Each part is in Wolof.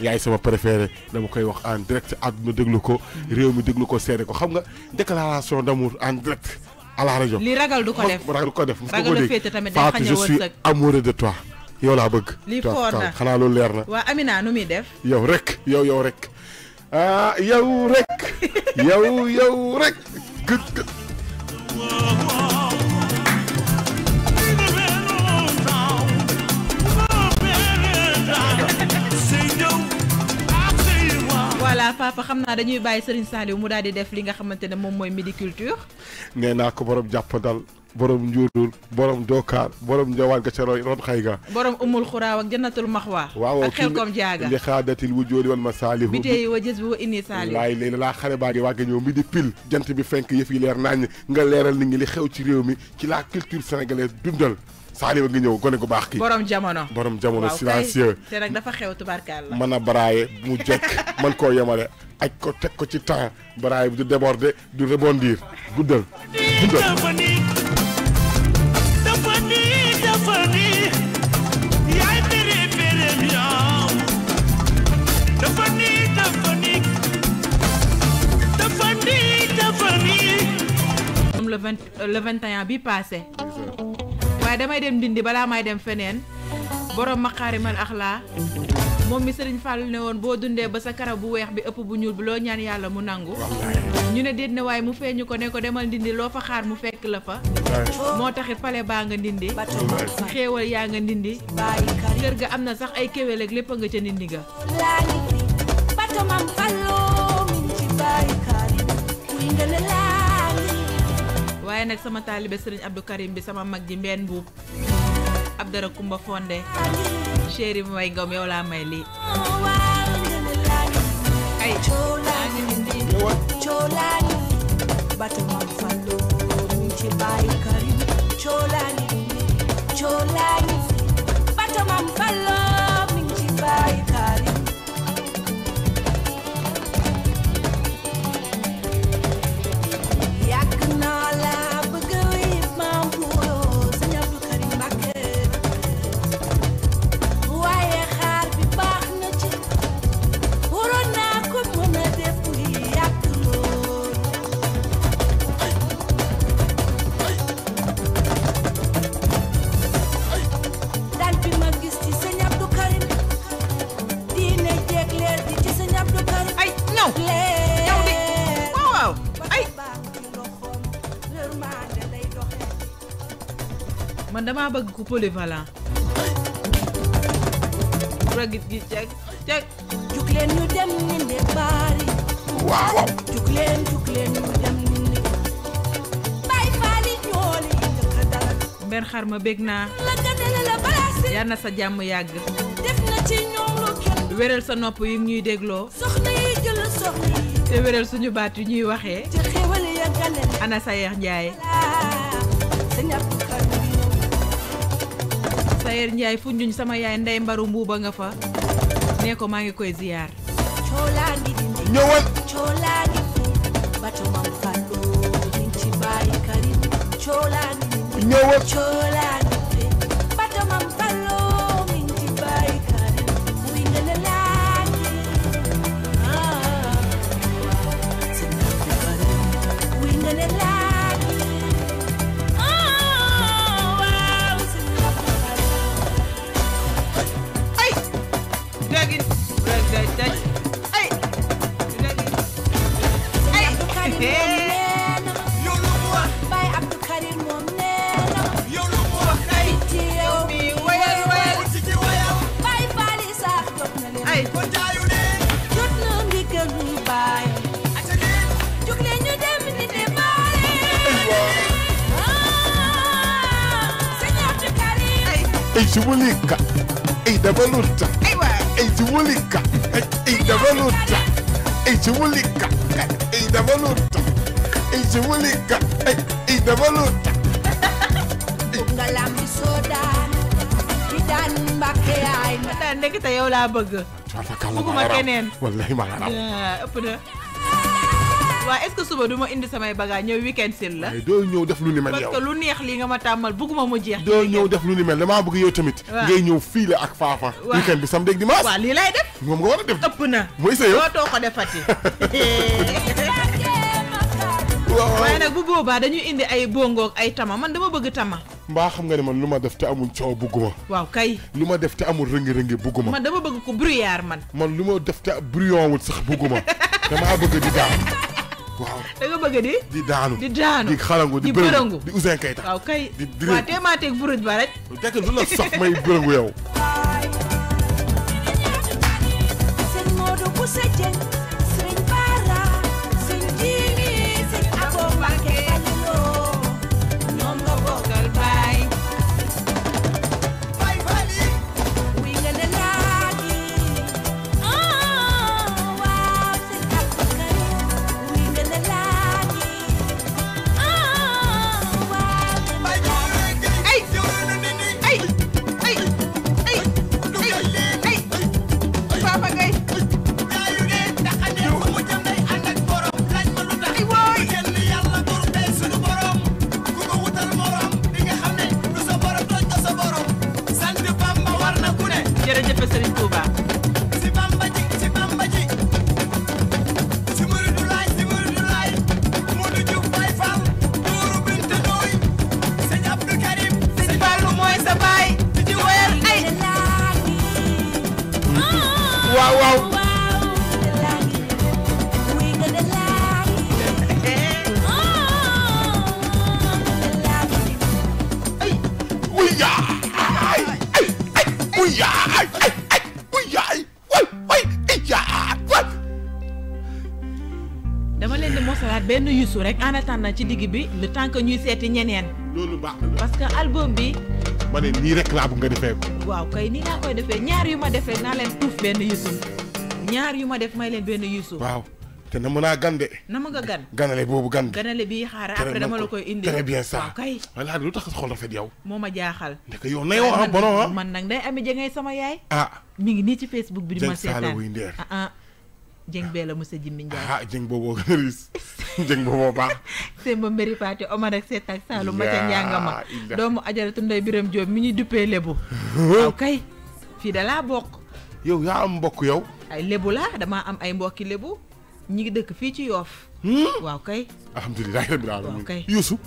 yaay sama préféré dama koy wax en direct àdduna déglu ko réew mi déglu ko seede ko xam nga déclaration d'amour en direct à rajo li ragal du ko def ragal du ko def ragal du féete tamit day xañe wërsëg de toi yow laa bëgg li foor na xanaa loolu na waa Amina yow rek yow yow rek ah yow voilà papa xam naa dañuy bàyyi Serigne Saliou mu daal di def li nga xamante ne moom mooy midi culture. nee naa ko borom jàppandal borom njuurul borom dookaar borom njawaat ga ca ron xay ga borom umul xuraaw ak jannatul maxwaa waaw ak xelkom jaaga li xaadatil wu joori wan ma saalihu bi tey wa jës bi wa inni saalihu laay laa xale baa ngi jant bi fenk yëf yi leer naañ nga leeral nit ñi li xew ci réew mi ci la culture sénégalaise dundal Saliou nga ñëw gone gu baax ki borom jamono borom jamono silencieux. te nag dafa xew tubaarkaal la. mën a baraaye mu jekk mën koo yemale aj ko teg ko ci temps baraaye bi du déborder du rebondir guddal guddal. le 20 euh, bi passé. waaye damay dem dindi bala may dem feneen borom maqaari man ax laa moom mi sëriñ Fall ne woon boo dundee ba sa karaw bu weex bi ëpp bu ñuul bi loo ñaan yàlla mu nangu ñu ne déet na waaye mu feeñu ko ne ko demal ndindi loo fa xaar mu fekk la fa moo taxit pale baa nga ndindi xéewal yaa nga ndindi kër ga am na sax ay kéwél ak lépp nga ca ndindi ga waaye nag sama taalibe sëriñ Abdou Karim bi sama mag ji mbenn buub Abdara Kumba Fonde chéri may ngom yow laa may lii ay Cholani, Cholani, Batamam Fallo, Mingi Bai. damaa bëgg ku polyvalent. ragit gi cek cek. jug leen dem ñu ne baari. waaw. xar ma bég naa. la na sa jàmm yàgg. def na ci ñoom kenn. wéral sa nopp yi ñuy dégloo. soxna yi jël soxna yi. te wéral suñu baat yi ñuy waxee. te xéwal ya ganale. ana sa yeex njaay. Sayer Ndiaye Foundiougne sama yaay ndey mbaru a nga fa nee ko maa ngi koy ziyaar ñëwal ñëwal Ejibulika, Edabaluta, Ejibulika, Edabaluta, Ejibulika, Edabaluta, Ejibulika, Edabaluta. Ungalami soda, kidan bakean. Matanda kita Wallahi ya, Apa waa est-ce suba du ma indi samay bagaa ñëw weekend seen la doo ñëw def lu ni mel yow parce que lu neex li nga ma tàmmal bëgguma mu jeex doo ñëw def lu ni mel damaa bëgg yow tamit ngay ñëw fii la ak faafa bi samedi ak dimanche waaw lii lay def moom nga war a def na mooy sa yow dootoo ko bu boobaa dañuy indi ay bongoog ay tama man dama bëgg tama mbaa xam nga ne man lu ma def te amul coow bugguma waaw kay lu ma def te amul rëngi-rëngi bugguma man dama bëgg ko brouillard man man lu ma def te brouillon wul sax bugguma damaa bëgg di daal waaw da nga bëgg di. di daanu di daanu di xalangu di bërëngu di Ouzin Keita. waaw kay waaw tey maa teg buruj ba rek. tekk lu la sax may bërëngu yow. gëstu rek en attendant ci digg bi le temps que ñuy seeti ñeneen. loolu baax na parce que album bi. ma ne nii rek laa bëgg nga defee ko. waaw kay nii laa koy defee ñaar yu ma defee naa leen tuuf benn Youssou ñaar yu ma def may leen benn Youssou. waaw te na mën a gan de. na ma nga gan ganale boobu gan. ganale bii xaaral après dama la koy indi. très bien ça waaw kay. wala lu tax xool rafet yow. moo ma jaaxal. ndek yow na yow ah bono ah. man nag day amee jangay sama yaay. ah ngi nii ci Facebook bi. di ma seetaan Dieng bee la Moussa Jimbi Ndiaye. ah Dieng booboo gën a riis Dieng booboo baax. Sèmba ba Faati Omar ak Seet ak Saalum. Mbacar Ndiangama doomu ajaratu Ndeye Birame joom mi ñu duppee lébu. waaw kay fii da laa bokk. yow yaa am mbokk yow. ay lébu la damaa am ay mbokki lébu ñi ngi dëkk fii ci yoof. Hmm? waaw kay. alhamdulilah rabbil alamin waaw kay Youssou.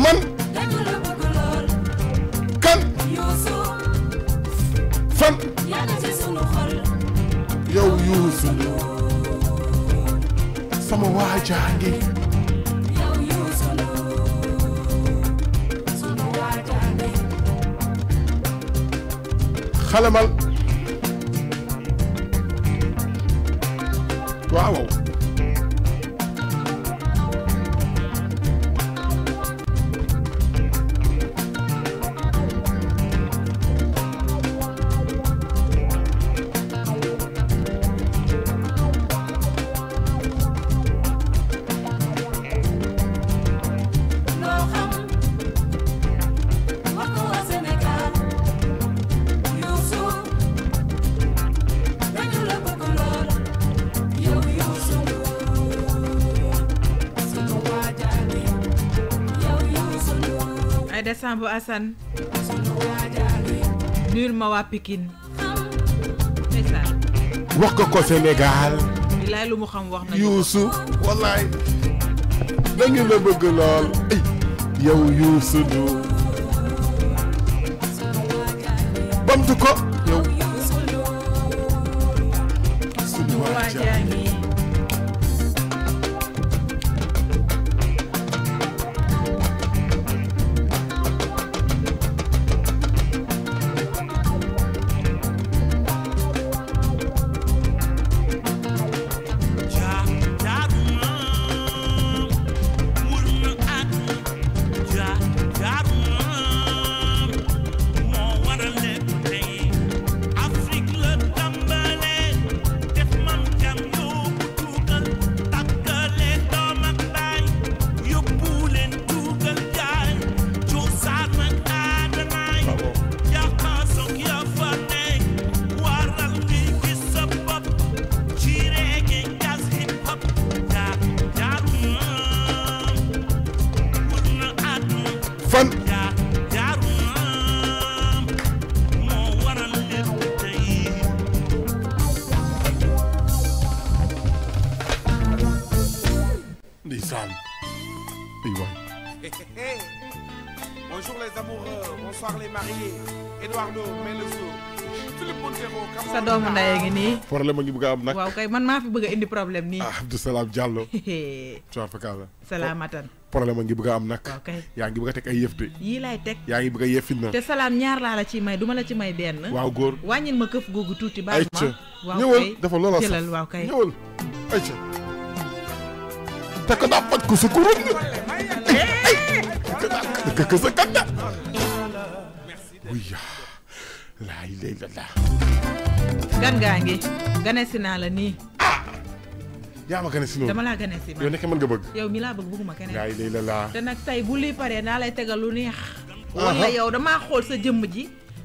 man. fan yow yuusu sama waajaa ngi xalamal waaw bu Assane nuyul ma waa wax ko ko Sénégal bilaay lu mu xam wax na Youssou wallaay dañu la problème ah, a ngi bëgg am nak waaw kay man maa fi bëgg indi problème nii. ah Abdou Salam Diallo. fakal salaamatan. problème ngi bëgg am nak waaw yaa ngi bëgg tek ay yëf de. yi lay tek yaa ngi bëgg a te salaam ñaar laa la ciy may duma la ci may benn. waaw góor wàññil ma këf googu tuuti. ba ma waaw dafa loola sax waaw kay ñëwal. te ko ko ay sa gan gaa ngi ganesi naa la nii. Ah! yaa ma ganesi noonu dama laa ganesi ma yow nekk mën nga bëgg. yow mi laa bëgg bëgguma keneen. yaa yi la te nag tey bu lii paree naa lay tegal lu neex. wala yow damaa xool sa jëmm ji.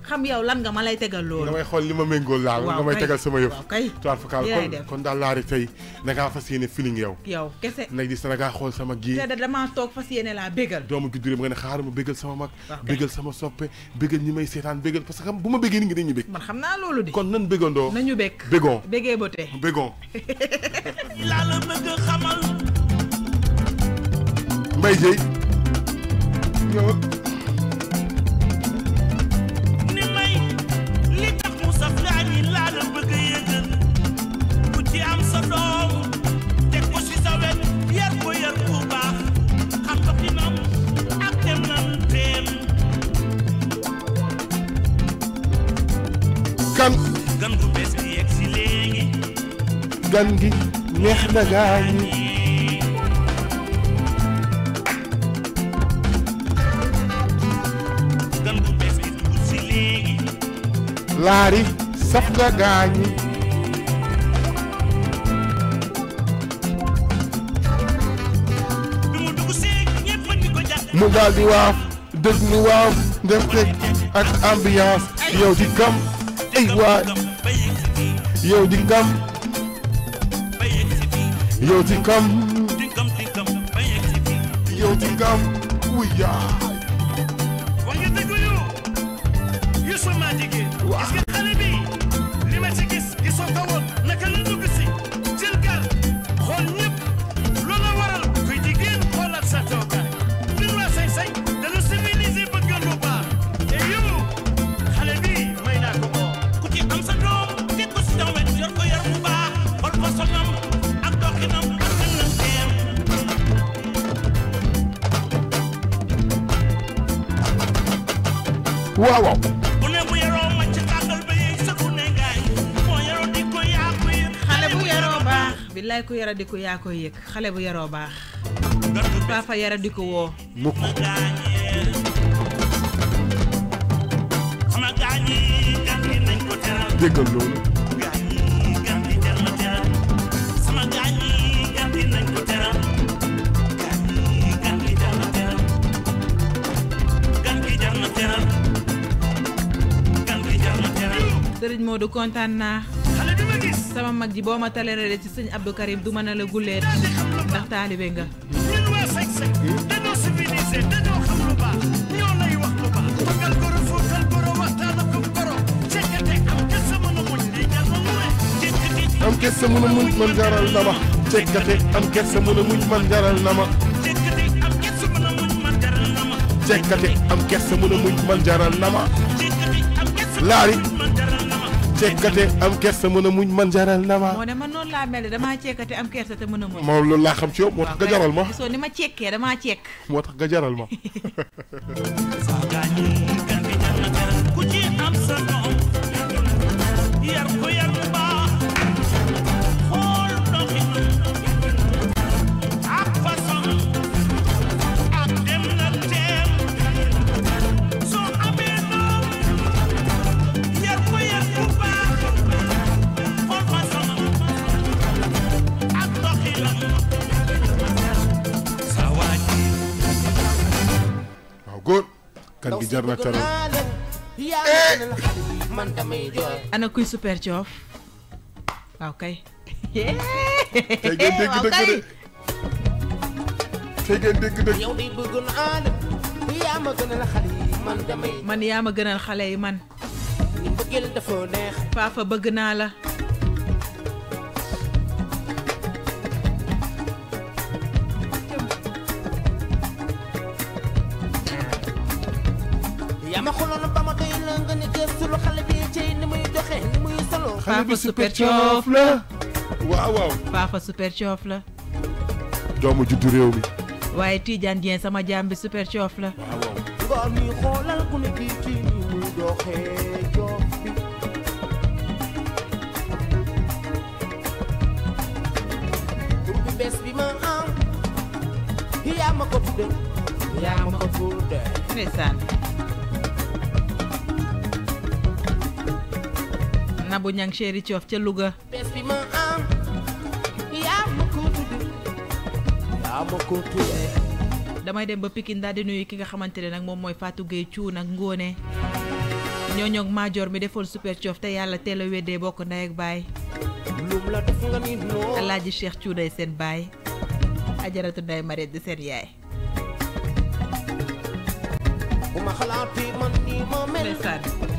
xam yow lan nga ma lay tegal loolu. may xool li ma méngóol laal. nga may tegal sama yëf. waaw kay kon kon daal laari tey da ngaa fas yéene feeling yow. yow kese nag di sa ngaa xool sama gii. te damaa toog fas yéene laa bégal. doomu juddu ma nga ne xaaral ma bégal sama mag. bégal sama soppe bégal ñi may seetaan bégal parce que xam bu ma béggee nit ñi dañuy bég. man xam naa loolu de. kon nan bégandoo. nañu bég bégon bégee ba laa la bëgg xamal. Mbaye Dieye gan gi neex na gaañi laari saf gaañi mu daal di waaf déglu waaf def ak ambiance yow di kam ay waay Yo, tinkam. Tinkam, tinkam. Yo, tinkam. Oui, ya. waaw waaw. bu ne bu yaroo ma ci tàngal ba yeeg sa ne gaay moo yaroo di ko yaa ko xale bu yaroo baax. billaay ku yara di ko yaa ko yëg xale bu yaroo baax. papa yara di ko woo. mukk. déggal loolu. sëriñ Modou kontaan naa sama mag ji boo ma taleerale ci sëñ Abdou Karim du ma ne la guleet ndax taalibe nga am kersa mën a muñ man jaral na ma cekkate am kersa mën a muñ man jaral na ma cekkate am kersa mën a muñ man jaral na ma laari cekkate am kersa mën a muñ man jaral na ma. moo ne man noonu laa mel damaa cekkate am kersa te mën na muñ. moom loolu laa xam ci yow moo tax jaral ma. gisoo ni ma cekkee damaa cekk. moo tax nga jaral ma. na trop. Eh! ana kuy super coof. waaw kay. man yaa ma gënal xale yi man. paafa bëgg naa la. papa super coof la waaw waaw papa super coof la doomu juddu réew mi waaye Tidiane dien sama jambi super coof la waaw waaw bu ñang chéri Thiof ca Louga damay dem ba Pikine daal di nuyu ki nga xamante ne nag moom mooy Fatou Gueye Thiou nag ngóone ñooñoog maajoor mi defoon super Thiof te yàlla teel a weddee bokk ndey ak baay alaaji Cheikh Thiou day seen baay ajaratu nday Mariette di seen yaay ndeysaan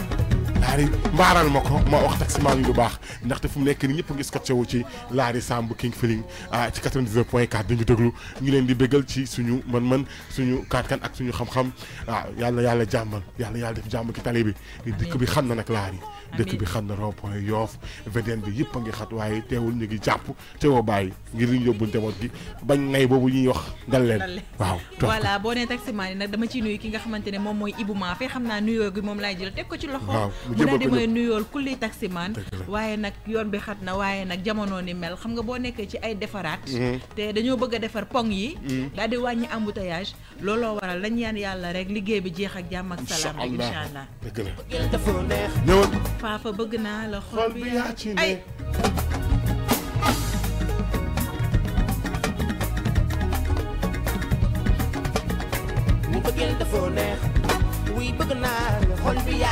laari mbaaral ma ko ma wax taximaan yi lu baax ndaxte fu mu nekk nii ñëpp a ngi scotché wu ci laari Samb King Feeling ah, ci 99 point 4 di ñu déglu ñu leen di bégal ci suñu mën-mën suñu kaatkan ak suñu xam-xam waaw ah, yàlla yàlla jàmmal yàlla yàlla def jàmm ci tali bi dëkk bi xam na nag laari dëkk bi xam na rond point Yoff bi yëpp a ngi xat waaye teewul ñu ngi jàpp teewoo bàyyi ngir ñu yóbbu njaboot gi bañ nay boobu ñuy wax dal leen waaw voilà boo nee taximaan yi nag dama ne moom mooy Ibou mu jëbal ko daal di may nuyool kulli taximaan. waaye nag yoon bi xat na waaye nag jamono ni mel xam nga boo nekkee ci ay defaraat. Mm-hmm. te dañoo bëgg a defar pong yi. Mm-hmm. daal di wàññi embouteillage. looloo waral lañ yaan yàlla rek liggéey bi jeex ak jàmm ak salaam. incha allah faafa bëgg naa la xol bi yaa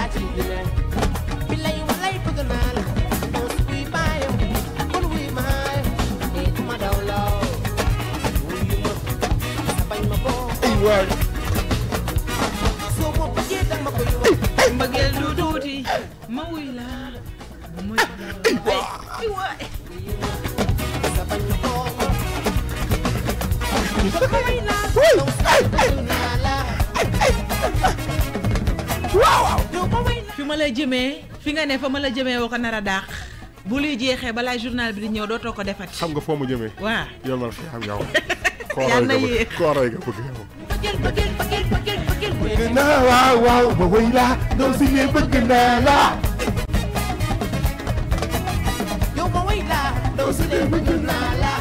bi ne waay. soo ma bëggee da ma koy wax. mbëggeel du tuuti ma wuy la bu ma waay waay. waaw. fi ma la jëmee fi nga ne fa ma la jëmee woo ko nar a daax. bu luy jeexee balaa journal bi di ñëw dootoo ko defat xam nga foo ma jëmee. waaw yow man fi xam yow. yaa na yéex koo rey nga bëgg yow. bëggeel bëggeel bëggeel bëggeel bëggeel bëgg naa waaw waaw ba wëy laa ndaw si ne bëgg naa la yow ba wëy laa ndaw si ne bëgg naa la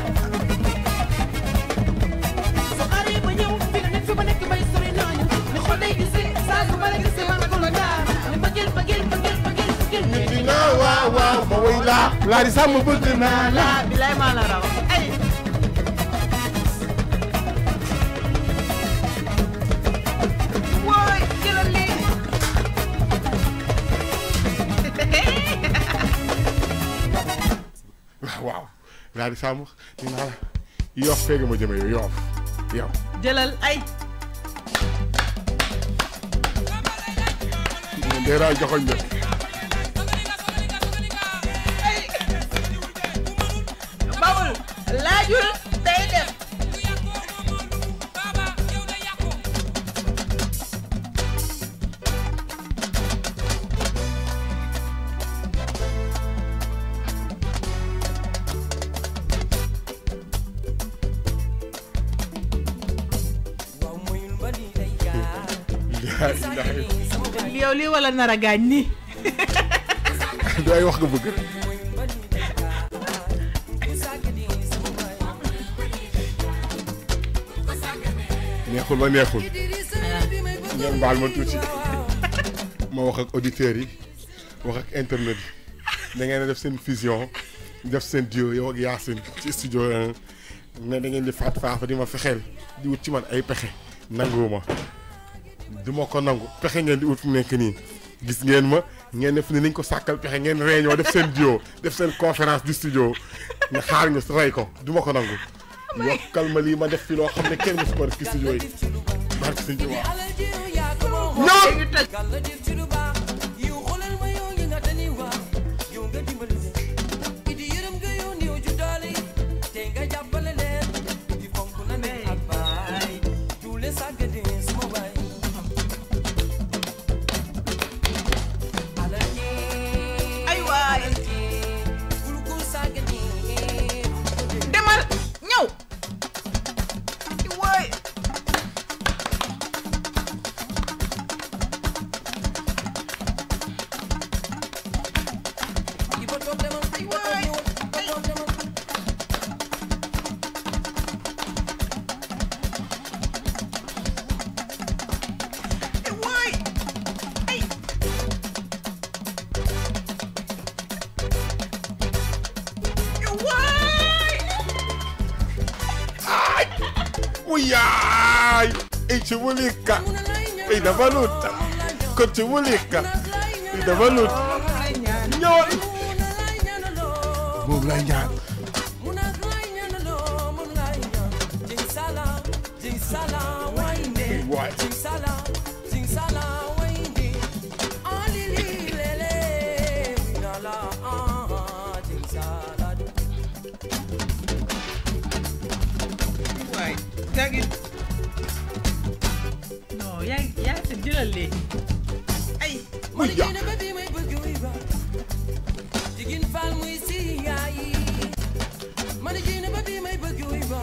su xaaree ba ñëw fi nga nekk fi ma nekk may sori ñooñu ni xol day gisee saa su ma la gisee man ko la gaar ni bëggeel bëggeel bëggeel bëggeel bëggeel bëgg naa waaw waaw ba wëy laa laa di sàmm bëgg naa la bilaay maa la raw waaw daal di yoof feega ma jëme yow yoof yow ay dee daal joxoñ na la nar a gaañ nii. du ay wax nga bëgg. neexul ba neexul. ngeen baal ma tuuti. ma wax ak auditeurs yi wax ak internet yi da ngeen def seen fusion def seen duo yow ak Yacine ci studio ne da di faat faafa di ma fexeel di wut ci man ay pexe nanguwuma du ma ko nangu pexe ngeen di wut nekk nii. gis ngeen ma ngeen ne fu ne nañ ko sàkkal pexe ngeen réunion def seen duo def seen conférence du studio nga xaar ñu rey ko du ma ko nangu yokkal ma lii ma def fi loo xam ne kenn du ko def ci studio yi barke sëñ Tuubaa ñëw valuta kutubulika ina valuta ñëwal moom lay ñaan waay waay yaa yaa sa jëlal lii ay muy ja jigéen faal muy si yaay man jigéen ba bi may bëgg wuy ba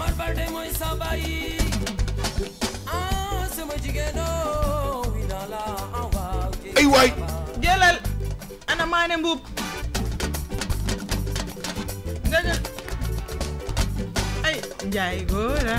mar balde mooy sa baay ah sama jigéenoo wi naa la awaaw ay waay jëlal ana maane mbuub nga ay njaay góora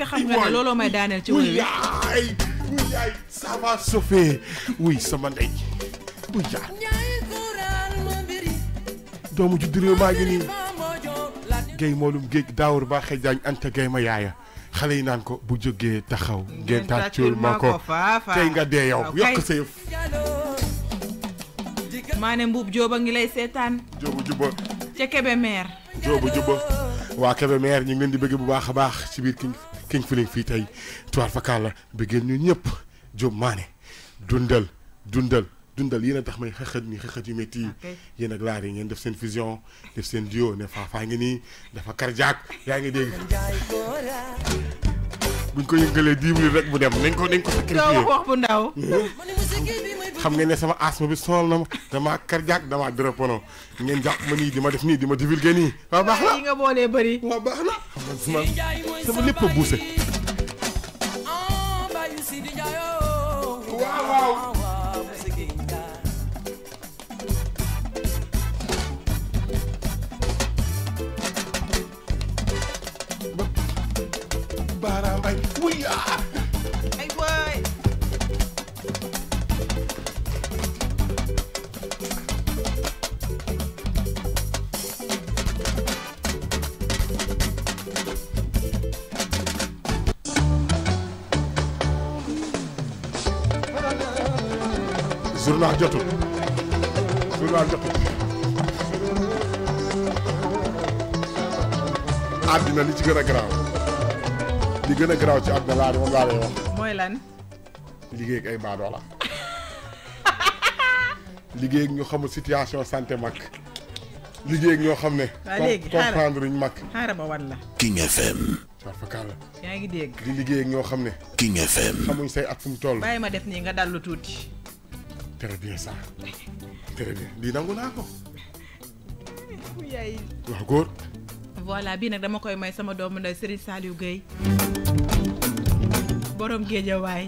est-ce que xam nga ne looloo may daaneel ci bu yaay ça va sauver oui sama ndey bu yaay doomu judd réew maa ngi nii gay moolum géej xëy jaañ anta gay ma yaaya xale yi naan ko bu jógee taxaw ngeen tàccul ma ko tey nga dee yow yokk sa yëf maane mbuub jooba ngi lay seetaan joobu juba ca kebe meer joobu juba waa kebe meer ñu ngi leen di bëgg bu baax a baax ci biir king King Feeling fii tey tuwaar fakkaar la bëggeen ñu ñëpp Diop Mané dundal dundal dundal yéen a tax may xëxët nii xëxët yu métti yi ak laar yi ngeen def seen fusion def seen duo ne faa ngi nii dafa karjaak yaa ngi dégg buñ ko yëngalee dix minutes rek mu dem nañ ko nañ ko sacrifier wax bu ndaw hmm? xam ngeen ne sama asthme bi sonal na ma damaa cardiaque damaa drépano ngeen jàpp ma nii di ma def nii di ma divulgué nii. waaw baax na yi nga boolee bëri. waaw baax na sama sama lépp a buuse. journal jotul àddina li ci gën a garaaw li gën a garaaw ci àddina laa moom laa lay wax. mooy lan. liggéey ay baadoola liggéey ñu xamul situation santé mag liggéey ñoo xam ne. comprendre ñu mag. xaaral ma wan la. King FM. Sarfakal. yaa ngi dégg. di liggéey ak ñoo xam ne. King FM. xamuñ say at fu mu toll. bàyyi ma def nii nga dallu tuuti. très bien ça très nangu naa ko. yaay. nag dama koy may sama doomu ndey Serigne Saliou Gueye borom géejawaay.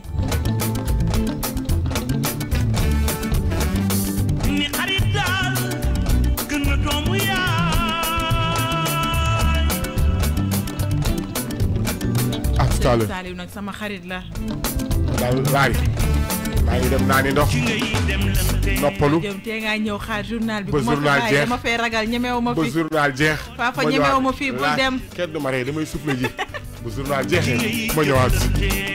ni xarit daal gën na doomu yaay. ak Saliou Serigne sama xarit la. maa ngi dem naa ni ndox noppalu. jëm tee ngaa ñëw xaar journal bi. ba journal jeex dama fay ragal ñemewu ma fi. ba journal jeex. papa ñemewu ma fi bul dem. kenn du ma rey damay soufflé ji. bu journal jeexe ma ñëwaat.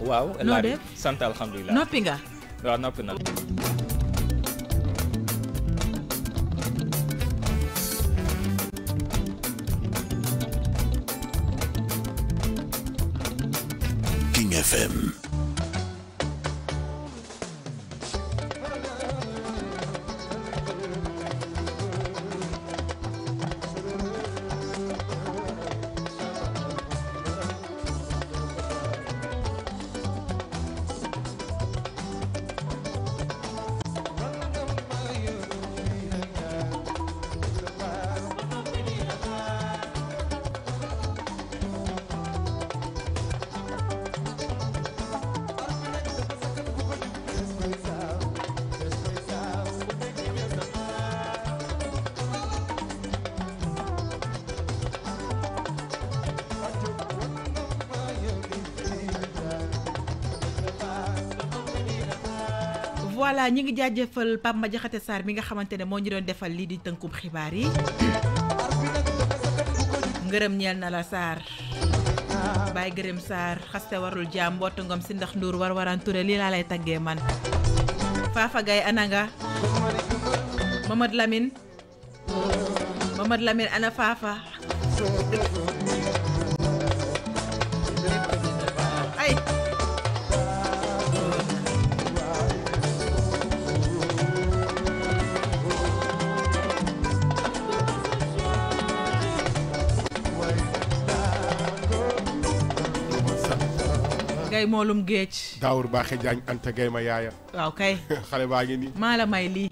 waaw laa def sant alhamdulilah noppi nga waaw noppi na King FM ñi ngi jaajëfal Pamba Jaxate sar mi nga xamantene mo ñu doon defal li di tënkub xibaar yi ngërëm ñeel na la sar bay Gërëm sar xaste warul jaam mbootu ngom si ndax ndur war waran touré li la lay taggee man Fafa gay ananga Mamad Lamine Mamad Lamine ana Fafa ngay moolum géej. Daawur Baaxe Jaañ Anta Gueye ma yaaya. waaw kay. xale baa ngi nii. maa la may lii.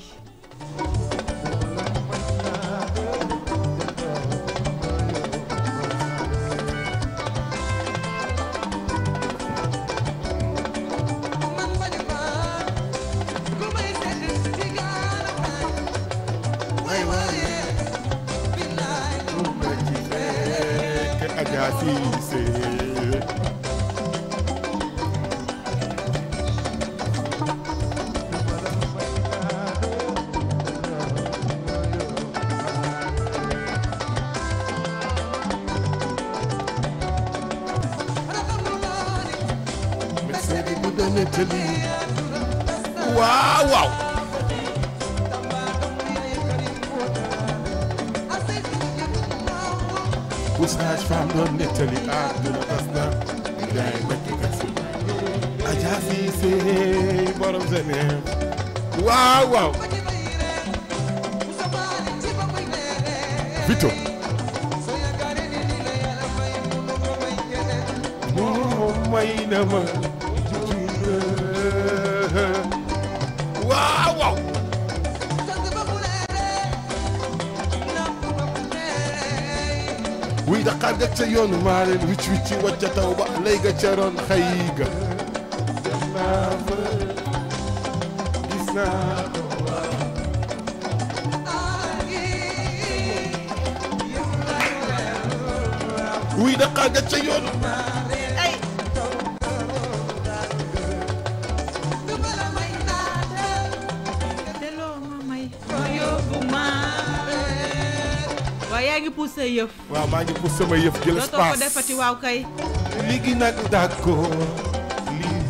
فيتو واو واو ويدا wuy daqaar ga ca yoonu ay waaw yaa ngi pousse say yëf waaw maa ngi pousse sama yëf jël espace dootoo ko defati waaw kay léegi nag d'accord lii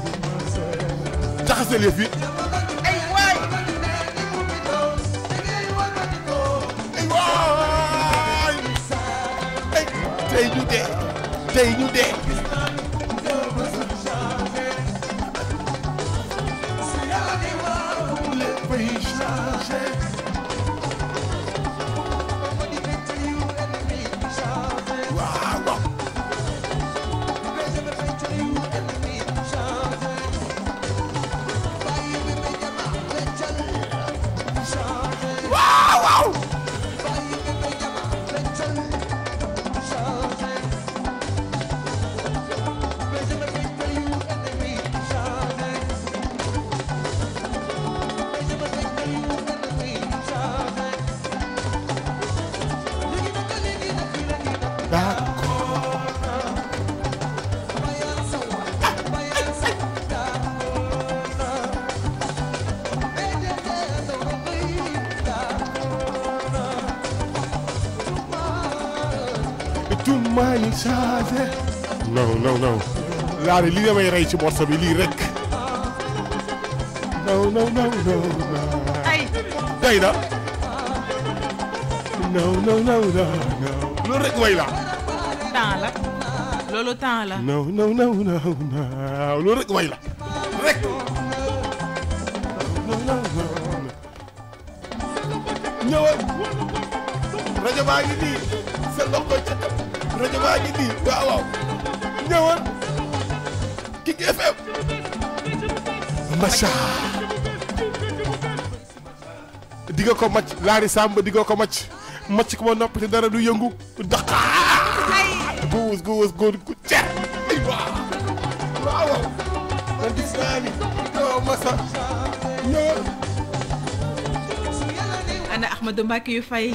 jaxasal yëf yi tey ñu dee. non non non laare lii damay rey ci morso bi lii rek non non non non ay day na non non non non loolu rek way la temps la loolu temps la non non non non loolu rek way la rek ñëwal rajo baa ngi nii sa ndox ko rajo baa ngi nii waaw ñëwal King FM macha di ko macc laari sàmb di nga ko macc macc ko ma noppi dara du yëngu daqa guus guus góor gu cer ana Ahmadou Mbacké yu fay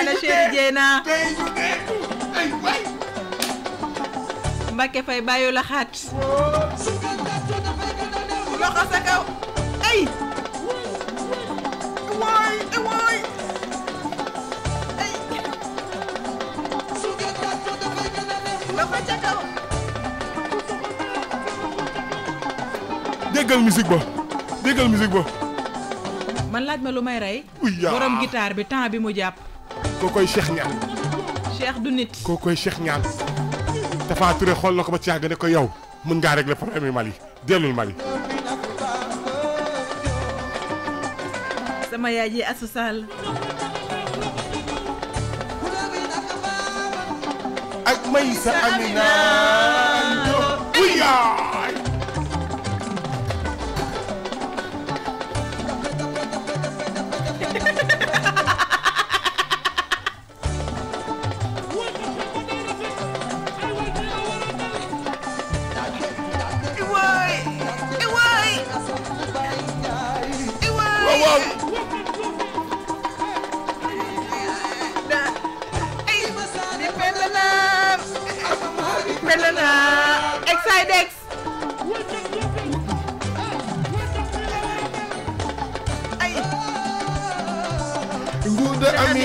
mbake fay Dieyna Mbacké Faye bàyyi la xaat loxo ay musique ba musique ba man laaj ma lu may borom guitar bi temps bi mu japp kookoy Cheikh Niang. Cheikh du nit. kookoy Cheikh Niang. Tapha Touré xool na ko ba ci yàgg ne ko yow mën ngaa régler problème yi Mali dellul Mali. sama yaay ji Asou Sall. ak Maysa Amina.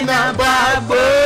na babo.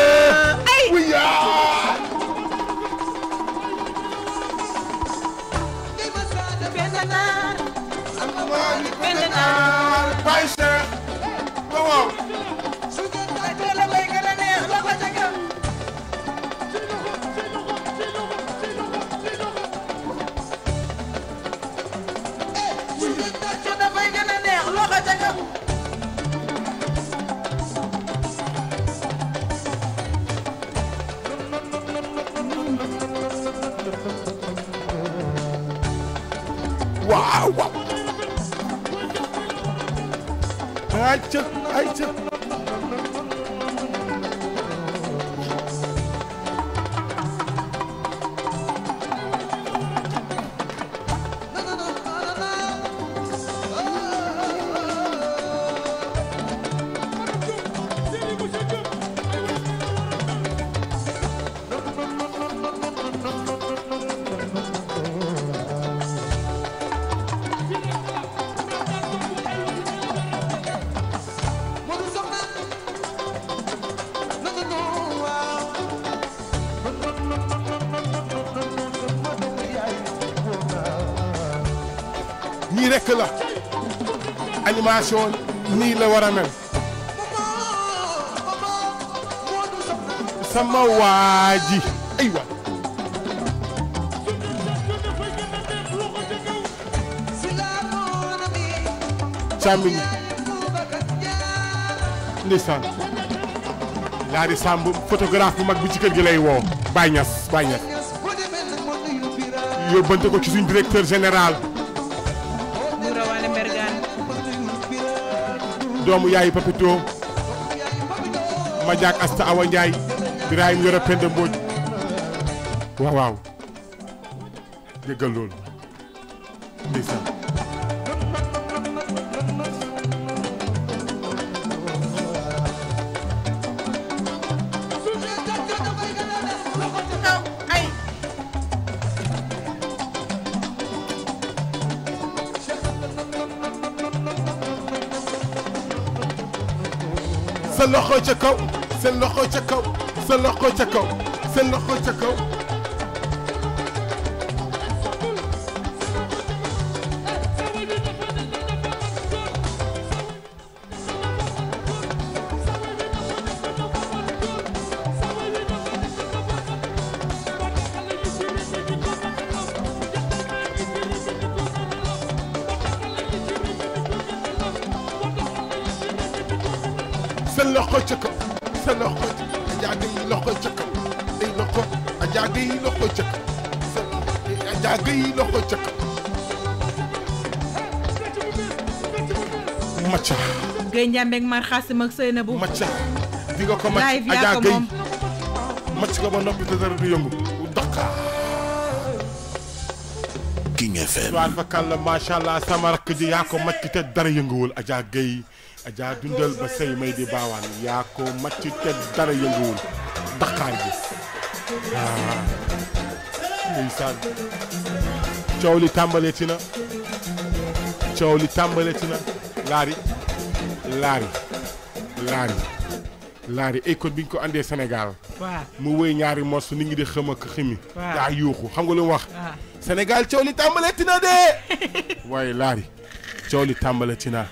ay cëg ay cëg animation nii la war a mel sama waa ji ay waay càmmiñ mag bi ci kër gi lay woo Baye Niass Baye ko ci suñ directeur général doomu yaayu Papito ma jaak Asta Awa Ndiaye Birahim Yoro Penda Mbodj waaw waaw déggal loolu loxo ca kaw seen loxo ca kaw seen loxo ca kaw seen loxo ca kaw loxo ca kaw sa loxo ajaa gay loxo ca kaw ay loxo ajaa gay loxo ca kaw sa ajaa gay loxo ca kaw macha gay njàmbeeg mar xaasim ak sëy na bu macha di nga ko mac ajaa gay mac nga ba noppi te dara du yëngu Dakar King FM waaw fakal la macha allah sama rakk ji yaa ko mac te dara yënguwul ajaa gay Adja dundal ba sëy may di baawaan yaa ko màcc te dara yënguwul daqaar bi waaw ah. ndeysaan coow li tàmbaleeti na coow li tàmbaleeti na laari laari laari laari bi ñu ko andee Sénégal mu wéy ñaari mos ni ngi di xëm ak ximi daa yuuxu xam nga lu mu wax Sénégal coow li tàmbaleeti na de waaye laari coow li tàmbaleeti na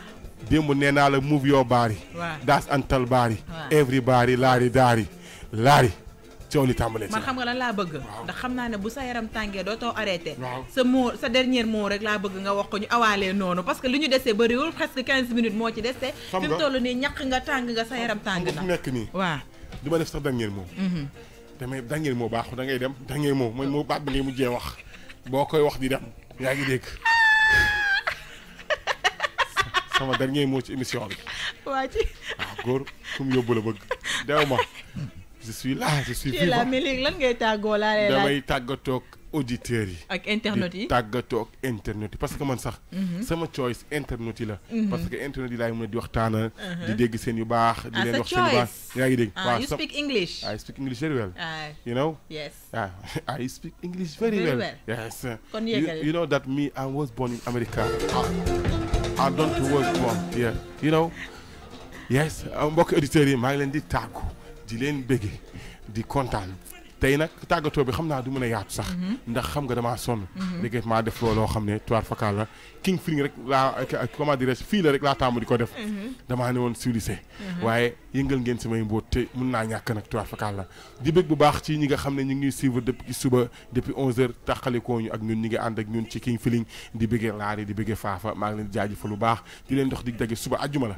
démb nee naa la move yoo baari. waaw li tàmbalee man xam nga lan laa bëgg. ndax xam naa ne sa yaram tàngee dootoo arrêté. sa mot sa dernier mot rek laa bëgg nga wax ko ñu awaalee noonu parce que li ñu dese bëriwul presque 15 minutes moo ci dese. xam nga fi mu toll da ngay dem dernier mot mooy moo baat ngay mujjee wax boo koy wax di dem yaa ngi dégg. sama dernier mot ci émission bi. waa ci waaw ah, góor fu mu yóbbu la bëgg. dew ma je suis là je suis. vivant la mais léegi lan ngay tàggoo laa damay tàggatoog auditeurs yi. ak internet yi di tàggatoog internet yi parce que man sax. Mhm. sama choice internet yi la. Mhm. parce que internet yi laay mën a di waxtaana mhm. di dégg seen yu baax. di ah, leen wax seen yu baax yaa ngi dégg. Ah, waaw you speak English. I speak English very well. you know. yes ah I speak English very well. yes. kon yeggali you know that me I was born in America. I don't work for yeah you know yes uh, mbokk auditeurs yi maa ngi leen di tàggu di leen bëgge di kontaan tey nag tàggatoo bi xam naa du mën a yaatu sax. Mhm. ndax xam nga damaa sonn. Mhm. léegi maa def looloo xam ne Touare Fakal la King rek laa comment dire fii rek laa taamu di ko def. Mhm. damaa ne woon suulise. waaye yëngal ngeen samay mbóot te mun naa ñàkk nag Touare Fakal la di bëgg bu baax ci ñi nga xam ne ñu ngi suivre depuis suba depuis 11h tàqalikoo ñu ak ñun ñi ngi ànd ak ñun ci King Feeling di bëggee laari di bëggee faafa maa ngi leen di jaajëfal lu baax di leen dox di dagge suba àjjuma la.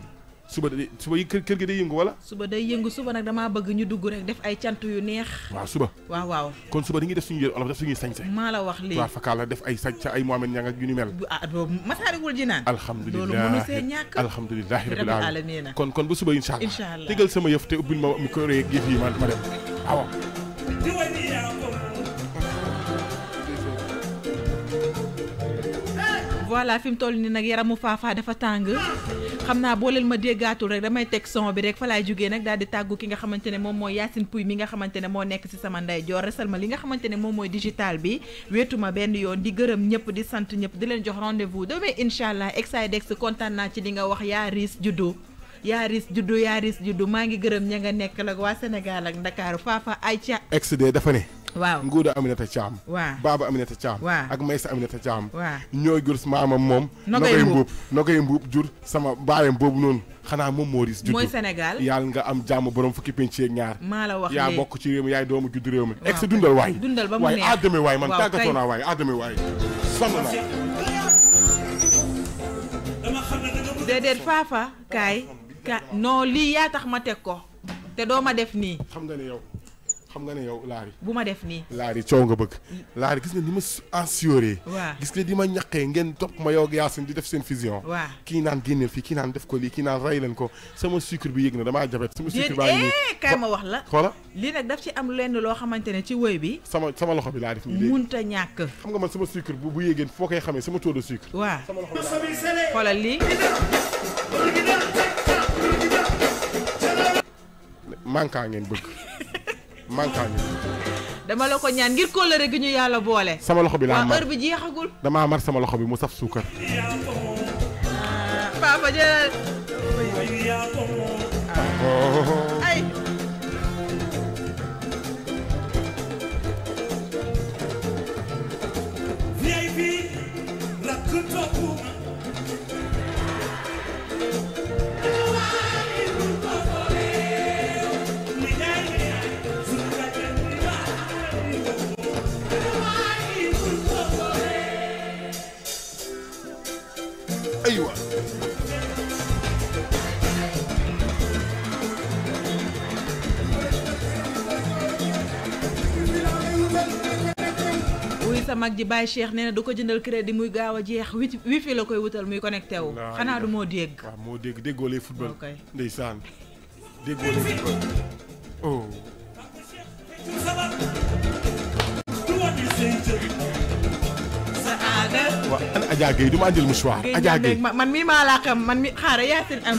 suba day suba kër kër gi day yëngu wala. suba day yëngu suba nag damaa bëgg ñu dugg rek def ay cant yu neex. waaw suba waaw waaw. kon suba dañuy def suñu yëre olof def suñuy sañse. maa la wax lii waaw fakkaal la def ay sañse ay Mohamed Niang ak yu ni mel. ah boobu Jinaan. alhamdulilah kon kon ba suba incha allah. incha allah tegal sama yëf te ubbil ma micro yeeg yëf yi ma ma dem waaw. voilà fi mu toll nii nag yaramu faafaa dafa tàng xam naa boo leen ma déggaatul rek damay teg son bi rek fa laay jugee nag daal di tàggu ki nga xamante ne moom mooy Yacine Pouy mi nga xamante ne moo nekk si sama ndeyjoor resal ma li nga xamante ne moom mooy digital bi wéetuma benn yoon di gërëm ñëpp di sant ñëpp di leen jox rendez-vous demain incha allah excidex kontaan naa ci li nga wax yaa riis juddu yaaris juddu yaaris juddu maa ngi gërëm ña nga nekk la waa Sénégal ak Ndakaaru Fafa Aïcha. ex de dafa ne. waaw Nguuda Aminata Thiam. waaw Baba Aminata Thiam. waaw ak Maysa Aminata ñoo jur maamam moom. Nogay Mbuub Nogay Mbuub jur sama baayam boobu noonu. xanaa moom moo ris juddu mooy Sénégal yàlla nga am jàmm borom fukki penc ak ñaar. maa la wax yaa bokk ci réew mi yaay doomu juddu réew mi. waaw dundal waay. dundal ba mu neex waaye aadame kaay ka lii yaa tax ma teg ko. te doo ma def nii. xam nga yow. xam nga ne yow laari bu ma def nii laari coow nga bëgg laari gis nga ni ma assuré waaw gis nga di ma ñaqee ngeen topp ma yow ak Yacine di def seen fusion waaw kii naan génneel fii kii naan def ko lii kii naan rey leen ko sama sucre bi yëg na damaa jabet sama sucre baa ngi nii kaay ma wax la xoola lii nag daf ci am lenn loo xamante ne ci woy bi sama sama loxo bi laa def nii munta ñàkk xam nga man sama sucre bu bu yégéen foo koy xamee sama taux de sucre waaw xoolal lii manquant ngeen bëgg manka ñu dama la ko ñaan ngir kóllëre gi ñu yàlla boole sama loxo bi laa mar heure bi jeexagul dama mar sama loxo bi mu saf suukar ah, papa jël oh. ay mag ji Baye Cheikh nee na du ko jëndal crédit muy gaaw a jeex wi wifi la koy wutal muy connecté wu. xanaa du moo dégg. moo dégg déggoo lay football. ok ndeysaan déggoo lay football. Oh. an Adja Gueye du ma andil mouchoir. Adja man mii maa man mi xaaral yaa seen am.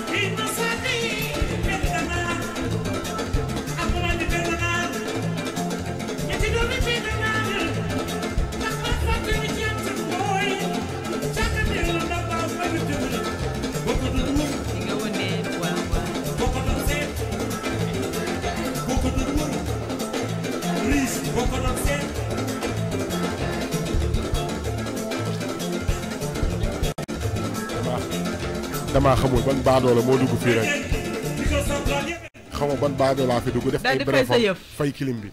damaa xamul ban baadoo la moo dugg fii rek xaw ma ban baadoo laa fi dugg def ay brefam fay kilim bi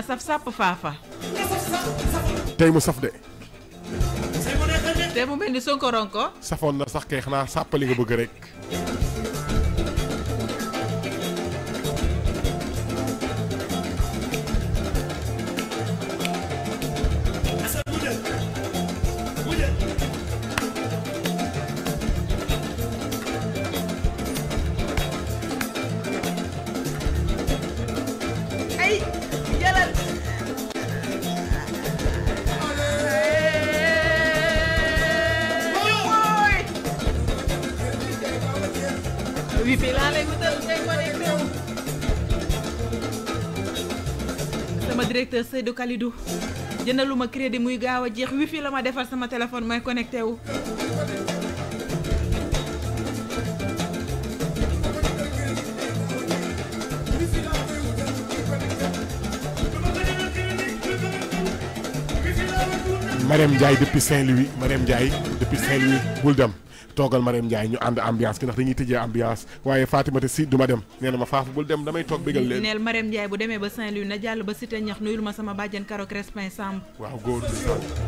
na saf sàpp faafa. tey mu saf de. tey mu mel ni sonkoronko. safoon na sax kay xanaa sàppali nga bëgg rek. kër Seydou Kalidou jëndalu ma crédit gaaw a jeex la ma defal sama téléphone may connecté wu. Saint-Louis Marème Ndiaye depuis Saint-Louis bul dem toogal Mariam Ndiaye ñu ànd ambiance ki ndax dañuy tëjee ambiance waaye Fatimata si du ma dem nee na ma faafu bul dem damay toog bégal leen neel Mariam Ndiaye bu demee ba Saint-Louis na jàll ba Cité ñax nuyul ma sama bàjjen Karo Crespin Samb waaw góor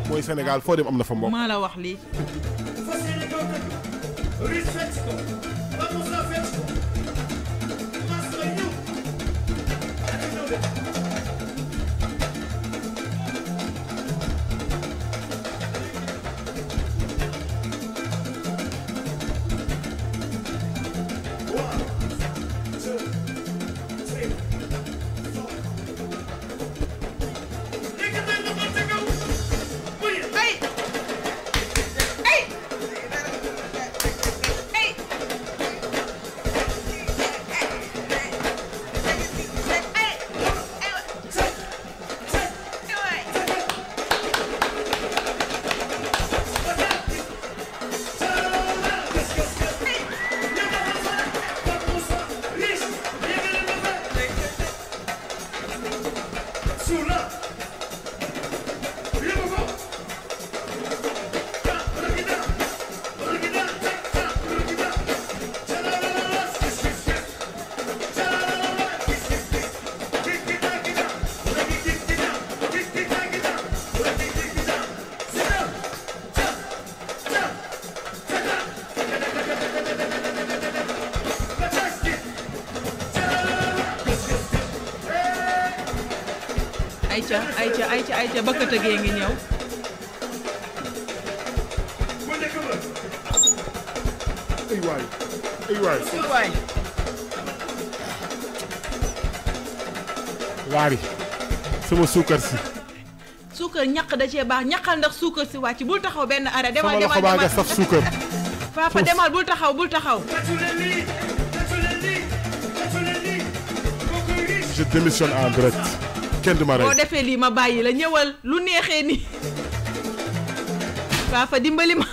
mooy Sénégal foo dem am na fa mbokk maa wax lii ay ca bëkk tëgee suukar si suukar ñaq da cee baax ñaqal ndax suukar si wàcc bul taxaw benn arrêt demal demal demal nga saf suukar papa demal bul taxaw bul taxaw je démissionne en direct kenn du lii ma bàyyi la ñëwal lu neexee nii. Fafa dimbali ma.